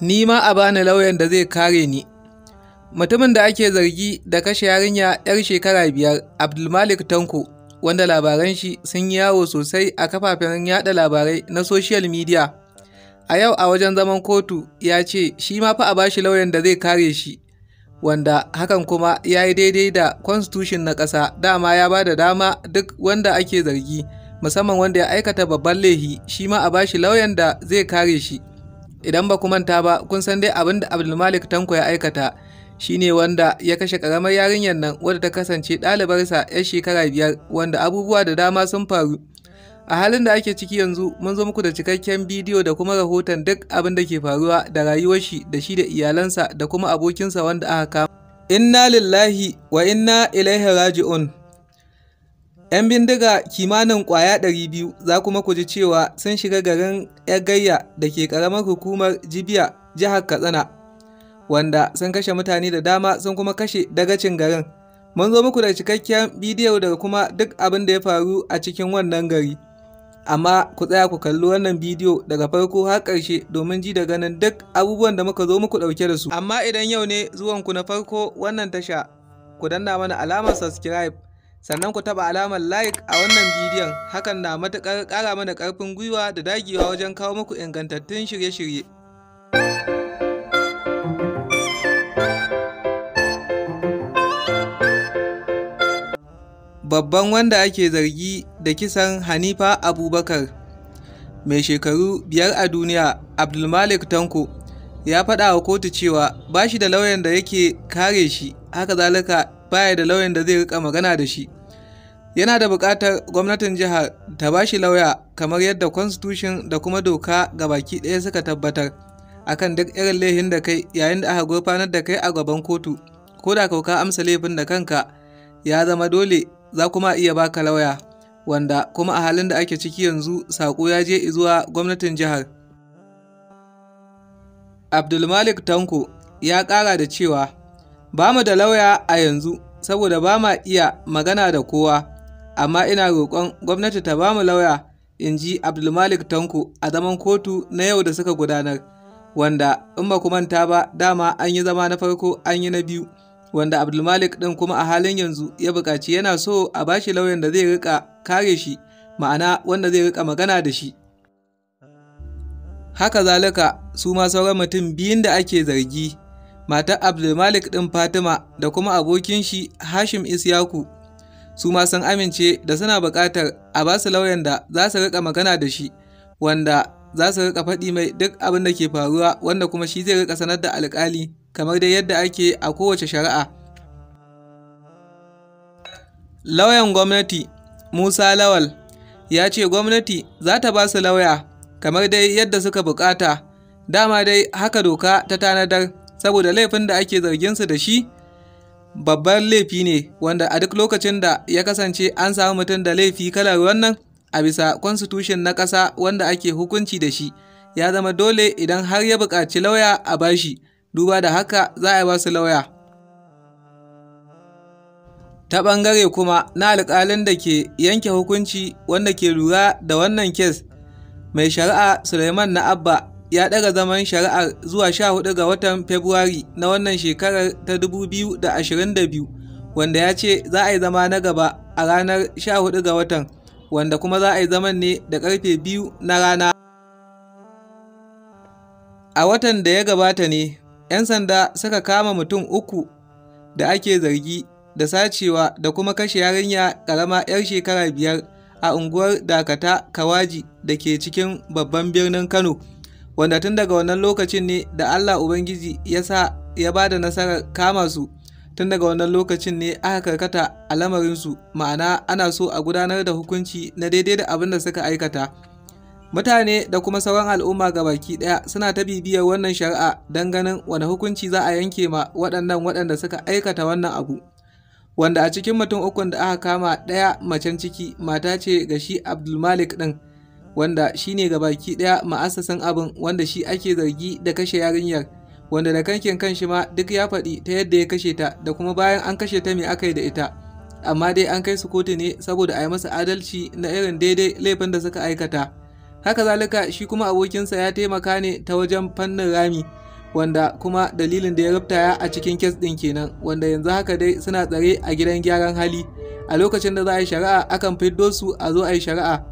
ni ma a bani lauyan da zai kare ni mutumin da ake zargi da kashe yarinya 'yar shekara biyar abdulmalik tanko wanda labaran shi sun yi yawo sosai a kafafen yada labarai na social media a yau a wajen zaman kotu ya ce shi ma fa a bashi lauyan da zai kare shi wanda hakan kuma ya yi daidai da constitution na ƙasa dama ya ba da dama duk wanda ake zargi musamman wanda ya aikata babban laihi shi ma a bashi lauyan da zai kare shi idan ba ku manta ba kun san dai abin da abdulmalik tanko ya aikata shine wanda ya kashe karamar yarinyar nan wadda ta kasance ɗalibarsa 'yar shekara biyar wanda abubuwa da dama sun faru a halin da ake ciki yanzu mun zo muku da cikakken bidiyo da kuma rahoton duk abin da ke faruwa da rayuwar shi da shi da iyalansa da kuma abokinsa wanda aka kama inna lillahi wa inna ilaihi raji'un 'Yan bindiga kimanin ƙwaya 200 za kuma ku ji cewa sun shiga garin Yagayya da ke ƙaramar hukumar Jibiya jihar Katsina, wanda sun kashe mutane da dama sun kuma kashe dagacin garin. Mun zo muku da cikakken bidiyo daga kuma duk abin da ya faru a cikin wannan gari. Amma ku tsaya ku kalli wannan bidiyo daga farko har ƙarshe domin ji da ganin duk abubuwan da muka zo muku ɗauke da su. Amma idan yau ne zuwanku na farko wannan tasha, ku danna mana alamar subscribe sannan ku taɓa alamar like a wannan bidiyon hakan na matuƙar ƙara mana ƙarfin gwiwa da dagewa wajen kawo muku ingantattun shirye-shirye. Babban wanda ake zargi da kisan Hanifa Abubakar mai shekaru biyar a duniya Abdulmalik Tanko ya faɗa wa kotu cewa ba shi da lauyan da yake kare shi haka zalika baya da lauyan da zai rika magana da shi yana da buƙatar gwamnatin jihar ta ba shi lauya kamar yadda constitution da kuma doka ga baki ɗaya suka tabbatar akan duk irin laifin da kai yayin da aka gurfanar da kai a gaban kotu ko da kauka amsa laifin da kanka ya zama dole za kuma iya baka lauya wanda kuma a halin da ake ciki yanzu sako ya je zuwa gwamnatin jihar abdulmalik tanko ya ƙara da cewa Ba mu da lauya a yanzu saboda ba ma iya magana da kowa, amma ina roƙon gwamnati ta ba mu lauya, in ji Abdulmalik Tanko a zaman kotu na yau da suka gudanar, wanda in ba manta ba dama an yi zama na farko an yi na biyu, wanda Abdulmalik ɗin kuma a halin yanzu ya buƙaci yana so a ba shi lauyan da zai riƙa kare shi, ma'ana wanda zai riƙa magana da shi. Haka zalika su ma sauran mutum biyun da ake zargi matar abdulmalik ɗin fatima da kuma abokin shi hashim isyaku su ma sun amince da suna buƙatar a ba su lauyan da za su riƙa magana da shi wanda za su riƙa faɗi mai duk abin da ke faruwa wanda kuma shi zai riƙa sanar da alƙali kamar dai yadda ake a kowace shari'a lauyan gwamnati musa lawal ya ce gwamnati za ta ba su lauya kamar dai yadda suka buƙata dama dai haka doka ta tanadar saboda laifin da ake zarginsu da shi babban laifi ne wanda a duk lokacin da ya kasance an samu mutum da laifi kalar wannan a bisa constitution na ƙasa wanda ake hukunci da shi ya zama dole idan har ya buƙaci lauya a bashi duba da haka za a ba su lauya ta ɓangare kuma na alƙalin da ke yanke hukunci wanda ke lura da wannan kes mai shari'a suleiman na abba ya ɗaga zaman shari'ar zuwa 14 ga watan Fabrairu na wannan shekarar ta 2022 wanda ya ce za a yi zama na gaba a ranar 14 ga watan wanda kuma za a yi zaman ne da karfe biyu na rana. A watan da ya gabata ne, 'yan sanda suka kama mutum uku da ake zargi da sacewa da kuma kashe yarinya ƙarama 'yar shekara biyar a unguwar Dakata Kawaji da ke cikin babban birnin Kano. wanda tun daga wannan lokacin ne da Allah Ubangiji ya sa ya ba da nasarar kama su tun daga wannan lokacin ne aka karkata a lamarinsu ma'ana ana so a gudanar da hukunci na daidai da abin da suka aikata mutane da kuma sauran al'umma ga baki ɗaya suna ta bibiyar wannan shari'a don ganin wani hukunci za a yanke ma waɗannan waɗanda suka aikata wannan abu wanda a cikin mutum ukun da aka kama ɗaya macen ciki mata ce ga shi abdulmalik ɗin wanda shi shine baki ɗaya ma'asasan abin wanda shi ake zargi da kashe yarinyar wanda da kankin shi ma duk ya faɗi ta yadda ya kashe ta da kuma bayan an kashe ta me aka yi da ita amma dai an kai su kotu ne saboda a yi masa adalci na irin daidai laifin da suka aikata haka zalika shi kuma abokinsa ya taimaka ne ta wajen fannin rami wanda kuma dalilin da ya rubtaya a cikin kes ɗin kenan wanda yanzu haka dai suna tsare a gidan gyaran hali a lokacin da za a yi shari'a akan fiddo su a zo a yi shari'a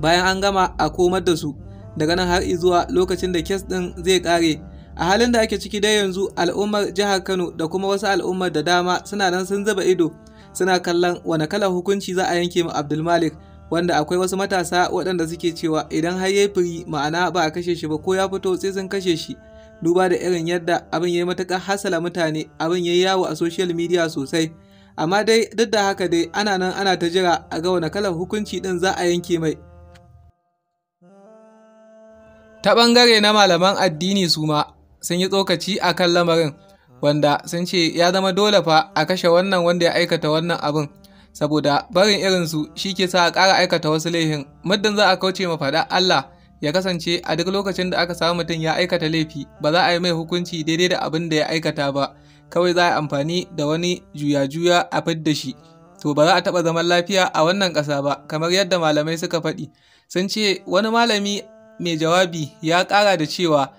bayan an gama a komar da su daga nan har zuwa lokacin da kes ɗin zai kare a halin da ake ciki dai yanzu al'ummar jihar kano da kuma wasu al'ummar da dama suna nan sun zuba ido suna kallon wani kalar hukunci za a yanke ma abdulmalik wanda akwai wasu matasa waɗanda suke cewa idan har ya firi ma'ana ba a kashe shi ba ko ya fito sai sun kashe shi duba da irin yadda abin ya yi matuƙar hasala mutane abin ya yi yawo a social media sosai amma dai duk da haka dai ana nan ana ta jira a ga wani kalar hukunci ɗin za a yanke mai ta ɓangare na malaman addini su ma sun yi tsokaci a kan lamarin wanda sun ce ya zama dole fa a kashe wannan wanda ya aikata wannan abin saboda barin irinsu shi ke sa a ƙara aikata wasu laifin muddin za a kauce ma faɗa Allah ya kasance a duk lokacin da aka samu mutum ya aikata laifi ba za a yi mai hukunci daidai da abin da ya aikata ba kawai za a yi amfani da wani juya-juya a fidda shi to ba za a taɓa zaman lafiya a wannan ƙasa ba kamar yadda malamai suka faɗi sun ce wani malami mai jawabi ya kara da cewa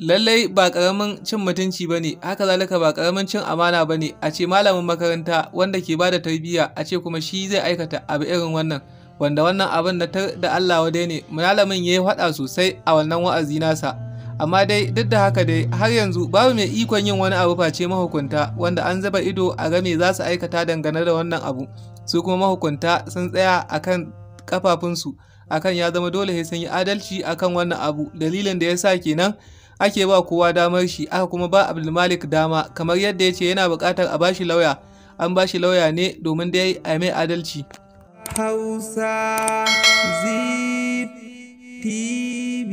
lallai ba karamin cin mutunci ba ne haka zalika ba karamin cin amana ba ne a ce malamin makaranta wanda ke ba da tarbiyya a ce kuma shi zai aikata abu irin wannan wanda wannan abin na tar da Allah wadai ne malamin ya yi faɗa sosai a wannan wa'azi nasa amma dai duk da haka dai har yanzu babu mai ikon yin wani abu face mahukunta wanda an zaba ido a ga me za su aikata dangane da wannan abu su kuma mahukunta sun tsaya akan kafafunsu akan ya zama dole sai sun yi adalci akan wannan abu dalilin da ya sa kenan ake ba kowa damar shi aka kuma ba abdulmalik dama kamar yadda ya ce yana buƙatar a bashi lauya an bashi lauya ne domin dai a mai adalci hausa tv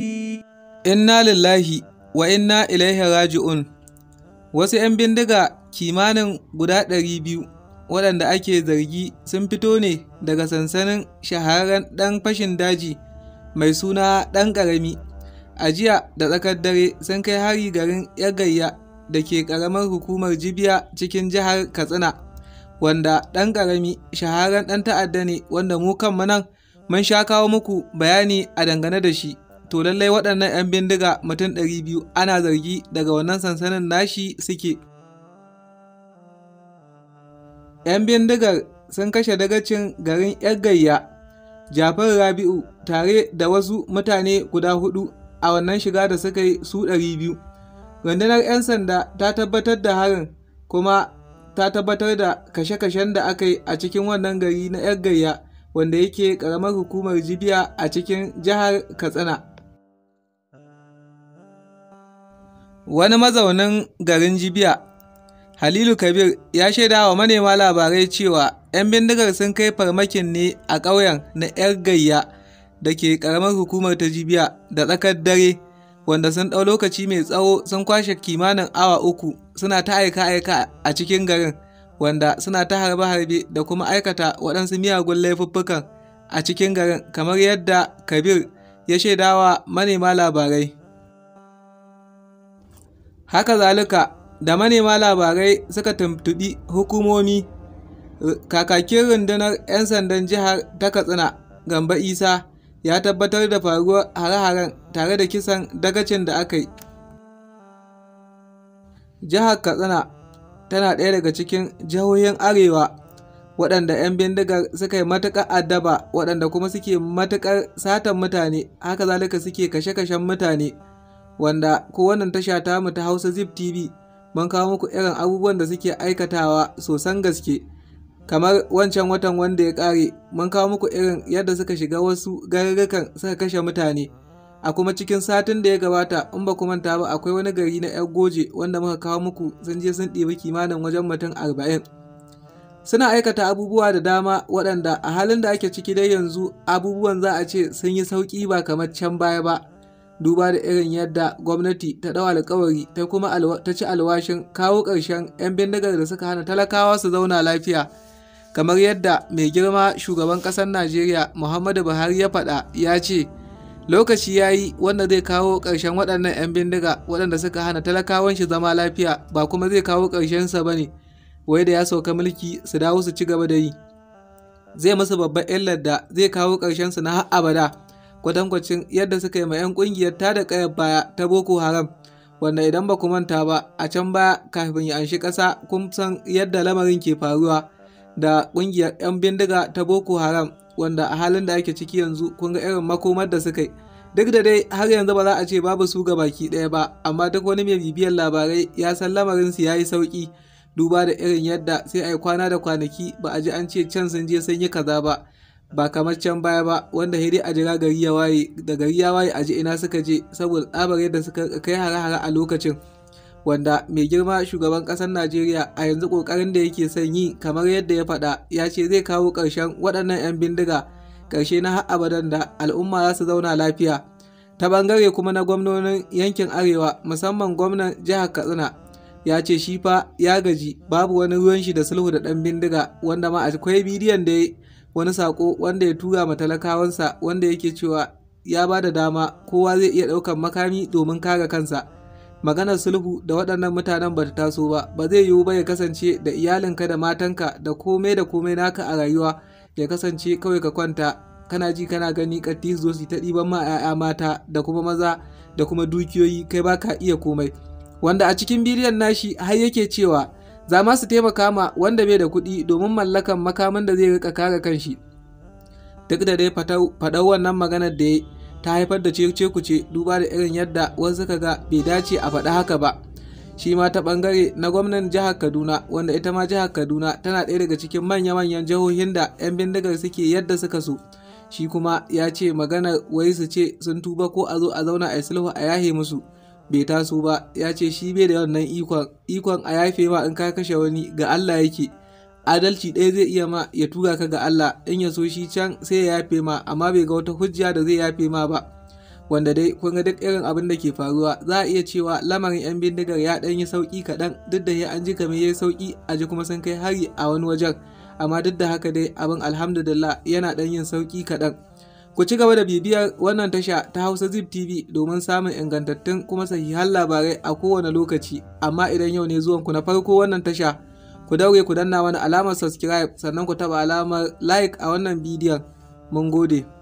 inna lillahi wa inna ilaihi raji'un wasu 'yan bindiga kimanin guda 200 waɗanda ake zargi sun fito ne daga sansanin shahararren ɗan fashin daji mai suna ɗan ƙarami a jiya da tsakar dare sun kai hari garin yagayya da ke ƙaramar hukumar jibiya cikin jihar katsina wanda ɗan ƙarami shahararren ɗan ta'adda ne wanda mu kanmu nan mun sha kawo muku bayani a dangane da shi to lallai waɗannan 'yan bindiga mutum 200 ana zargi daga wannan sansanin nashi suke 'Yan bindigar sun kashe dagacin garin 'yar gayya Jafar Rabi'u tare da wasu mutane guda hudu a wannan shiga da suka yi su ɗari biyu. Rundunar 'yan sanda ta tabbatar da harin kuma ta tabbatar da kashe-kashen da aka yi a cikin wannan gari na 'yar gayya wanda yake ƙaramar hukumar Jibiya a cikin jihar Katsina. Wani mazaunin garin Jibiya Halilu Kabir ya shaida wa manema labarai cewa 'yan bindigar sun kai farmakin ne a ƙauyen na 'yar gayya da ke ƙaramar hukumar ta jibiya da tsakar dare wanda sun ɗau lokaci mai tsawo sun kwashe kimanin awa uku suna ta aika-aika a cikin garin wanda suna ta harbe-harbe da kuma aikata waɗansu miyagun laifuffukan a cikin garin kamar yadda kabir ya shaidawa manema labarai haka zalika da manema labarai suka tuntuɓi hukumomi kakakin rundunar 'yan sandan jihar ta katsina gamba isa ya tabbatar da faruwar hare-haren tare da kisan dagacin da aka yi jihar katsina tana ɗaya daga cikin jihohin arewa waɗanda 'yan bindigar suka yi matuƙar addaba waɗanda kuma suke matuƙar satan mutane haka zalika suke kashe-kashen mutane wanda kowannan tasha ta mu ta hausa zip tv mun kawo muku irin abubuwan da suke aikatawa sosan gaske kamar wancan watan wanda ya ƙare mun kawo muku irin yadda suka shiga wasu garurrukan suka kashe mutane a kuma cikin satin da ya gabata in ba manta ba akwai wani gari na yar goje wanda muka kawo muku sun je sun ɗibi kimanin wajen mutum arba'in suna aikata abubuwa da dama waɗanda a halin da ake ciki dai yanzu abubuwan za a ce sun yi sauƙi ba kamar can baya ba duba da irin yadda gwamnati ta ɗau alkawari ta kuma ta ci alwashin kawo ƙarshen 'yan bindigar da suka hana talakawa su zauna lafiya kamar yadda mai girma shugaban ƙasar najeriya muhammadu buhari ya faɗa ya ce lokaci ya yi wanda zai kawo ƙarshen waɗannan 'yan bindiga waɗanda suka hana talakawan shi zama lafiya ba kuma zai kawo ƙarshensa ba ne wai da ya sauka mulki su dawo su ci gaba da yi zai musu babban illar da zai kawo ƙarshensu na har abada kwatankwacin yadda suka yi ma 'yan ƙungiyar ta da kayar baya ta boko haram wanda idan ba ku manta ba a can baya kafin ya anshi ƙasa kun san yadda lamarin ke faruwa da ƙungiyar 'yan bindiga ta boko haram wanda a halin da ake ciki yanzu kun ga irin makomar da suka yi duk da dai har yanzu ba za a ce babu su ga baki ɗaya ba amma duk wani mai bibiyar labarai ya san lamarin su yi sauki duba da irin yadda sai a yi kwana da kwanaki ba a ji an ce can sun je sun yi kaza ba ba kamar can baya ba wanda hiri a jira gari ya waye da gari ya waye a ji ina suka je saboda tsabar yadda suka kai hare-hare a lokacin wanda mai girma shugaban kasar najeriya a yanzu kokarin da yake son yi kamar yadda ya faɗa ya ce zai kawo ƙarshen waɗannan 'yan bindiga ƙarshe na har abadan da al'umma za su zauna lafiya ta bangare kuma na gwamnonin yankin arewa musamman gwamnan jihar katsina ya ce shi fa ya gaji babu wani ruwan shi da sulhu da ɗan bindiga wanda ma akwai bidiyon da ya wani sako wanda ya tura ma talakawansa wanda yake cewa ya ba da dama kowa zai iya ɗaukar makami domin kare kansa maganar sulhu da waɗannan mutanen ba ta taso ba ba zai yiwu ba ya kasance da iyalinka da matanka da komai da komai naka a rayuwa ya kasance kawai ka kwanta kana ji kana gani katti zo su ta ɗiban ma 'ya'ya mata da kuma maza da kuma dukiyoyi kai ba ka iya komai wanda a cikin bidiyon nashi har yake cewa za ma su taimaka ma wanda bai da kuɗi domin mallakan makamin da zai rika kare kanshi duk da dai faɗar wannan maganar da ya ta haifar da cece-kuce duba da irin yadda wasu suka ga bai dace a faɗa haka ba shi ma ta ɓangare na gwamnan jihar kaduna wanda ita ma jihar kaduna tana ɗaya daga cikin manya-manyan jihohin da 'yan bindigar suke yadda suka so shi kuma ya ce maganar wai su ce sun tuba ko a zo a zauna a yi sulhu a yahe musu bai taso ba ya ce shi bai da wannan ikon ikon a yafe ma in ka kashe wani ga Allah yake adalci ɗaya zai iya ma ya tura ka ga Allah in ya so shi can sai ya yafe ma amma bai ga wata hujja da zai yafe ma ba wanda dai kun ga duk irin abin da ke faruwa za a iya cewa lamarin yan bindigar ya ɗan yi sauƙi kaɗan duk da ya an ji kamar ya yi sauƙi a ji kuma sun kai hari a wani wajen amma duk da haka dai abin alhamdulillah yana ɗan yin sauki kaɗan Ku ci gaba da bibiyar wannan tasha ta Hausa Zip TV domin samun ingantattun kuma sahihan labarai a kowane lokaci. Amma idan yau ne zuwanku na farko wannan tasha, ku daure ku danna mana alamar subscribe sannan ku taba alamar like a wannan bidiyon. Mun gode.